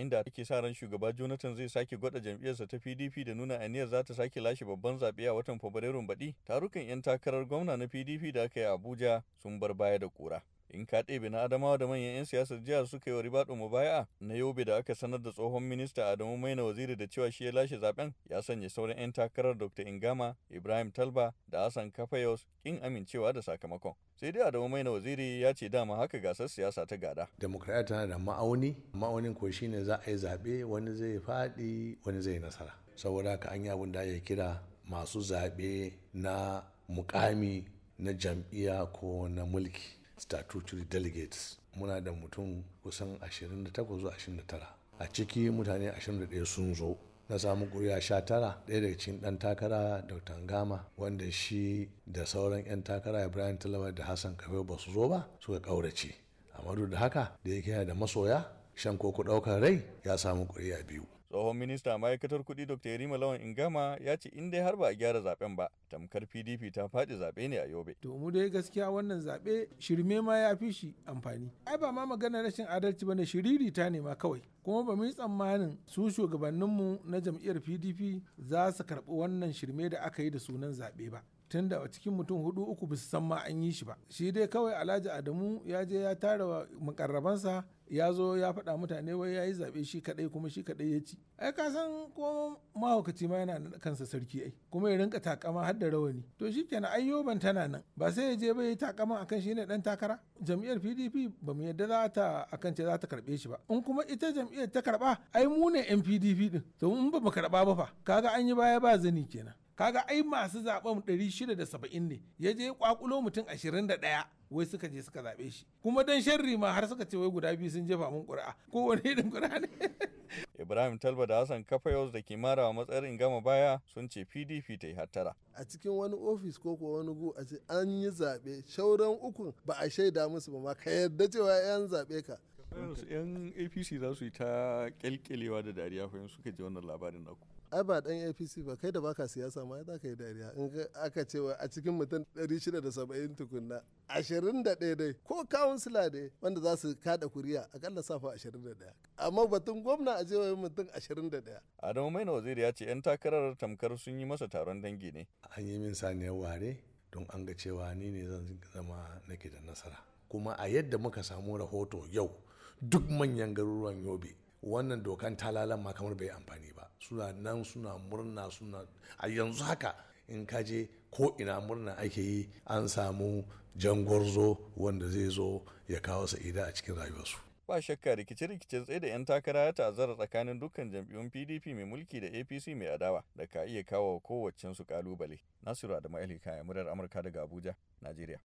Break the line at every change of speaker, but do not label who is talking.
yayin da ake sa ran shugaba Jonathan zai sake gwada jam'iyyarsa ta PDP da nuna aniyar za ta sake lashe babban zaɓe a watan Fabrairun baɗi, tarukan 'yan takarar gwamna na PDP da aka yi Abuja sun bar baya da ƙura. in ka ɗebe na adamawa da manyan 'yan siyasar jihar suka yi wa ribaɗo baya na yobe da aka sanar da tsohon minista adamu maina waziri da cewa shi ya lashe zaben ya sanya sauran 'yan takarar dr ingama ibrahim talba da hassan kafayos kin amincewa da sakamakon sai dai adamu maina waziri ya ce dama haka gasar siyasa ta gada
demokradiyya tana da ma'auni ma'aunin ko shine za a yi zaɓe wani zai faɗi wani zai nasara saboda haka an yi abin da ya kira masu zaɓe na mukami na jam'iyya ko na mulki statutory delegates muna da mutum kusan 28 zuwa 29 a ciki mutane 21 sun zo na samu kuriya sha tara ɗaya daga cikin ɗan takara dr ngama wanda shi da sauran 'yan takara ibrahim talawa da hassan kafe ba su zo ba suka ƙaurace amma duk da haka da yake da masoya shan koko ɗaukar rai ya samu kuri'a biyu
tsohon minista ma'aikatar kuɗi dr yarima lawan ingama ya ce in dai har ba a gyara zaben ba tamkar pdp ta faɗi zaɓe ne a yobe to mu dai gaskiya wannan zaɓe
shirme ma ya fi shi amfani ai ba ma magana rashin adalci bane shiriri ta ne ma kawai kuma ba mu yi tsammanin su shugabanninmu na jam'iyyar pdp za su karɓi wannan shirme da aka yi da sunan zaɓe ba tun da cikin mutum hudu uku ba san ma an yi shi ba shi dai kawai alhaji adamu ya je ya tara makarrabansa ya zo ya faɗa mutane wai ya yi zaɓe shi kaɗai kuma shi kaɗai ya ci ai ka san ko mahaukaci ma yana kansa sarki ai kuma ya rinka takama har da rawani to shi kenan ai yoban tana nan ba sai ya je ba ya takama akan shi ne ɗan takara jam'iyyar pdp ba mu yadda za ta akan ce za ta karɓe shi ba in kuma ita jam'iyyar ta karɓa ai mu ne yan pdp ɗin to in ba mu karɓa ba fa kaga an yi baya ba zani kenan kaga ai masu zaben 670 ne ya je kwakulo mutum 21 wai suka je suka zaɓe shi kuma dan sharri ma har suka ce wai guda biyu sun jefa mun ƙuri'a
wani irin ƙuri'a ne Ibrahim Talba da Hassan Kafayos da Kimara matsayar matsayin gama baya sun ce PDP ta yi hattara.
A cikin wani ofis ko ko wani gu a ce an yi zaɓe shauran ukun ba a shaida musu ba ma ka yarda cewa 'yan zaɓe ka.
yan apc za su yi ta kyalkyalewa da dariya fa suka ji wannan labarin naku
ai ba dan apc ba kai da baka siyasa ma za ka yi dariya in aka cewa a cikin mutum 670 tukunna 21 dai ko kawunsila ne wanda za su kada kuriya akalla safa 21 amma batun
gwamna a jewayin mutum 21 adamu maina waziri ya ce yan takarar tamkar sun yi masa taron dangi ne
an yi min saniyar ware don an ga cewa ni ne zan zama nake da nasara kuma a yadda muka samu rahoto yau duk manyan garuruwan yobe wannan dokan talalan ma kamar bai amfani ba suna nan suna murna suna a yanzu
haka in ka je ko ina murna
ake yi an samu jangwarzo wanda zai zo ya kawo sa'ida a cikin rayuwarsu
ba shakka rikice-rikice tsaye da 'yan takara ya ta'azzara tsakanin dukkan jam'iyyun pdp mai mulki da apc mai adawa da ka iya kawo kowacensu kalubale nasiru adamu ilhika ya murar amurka daga abuja najeriya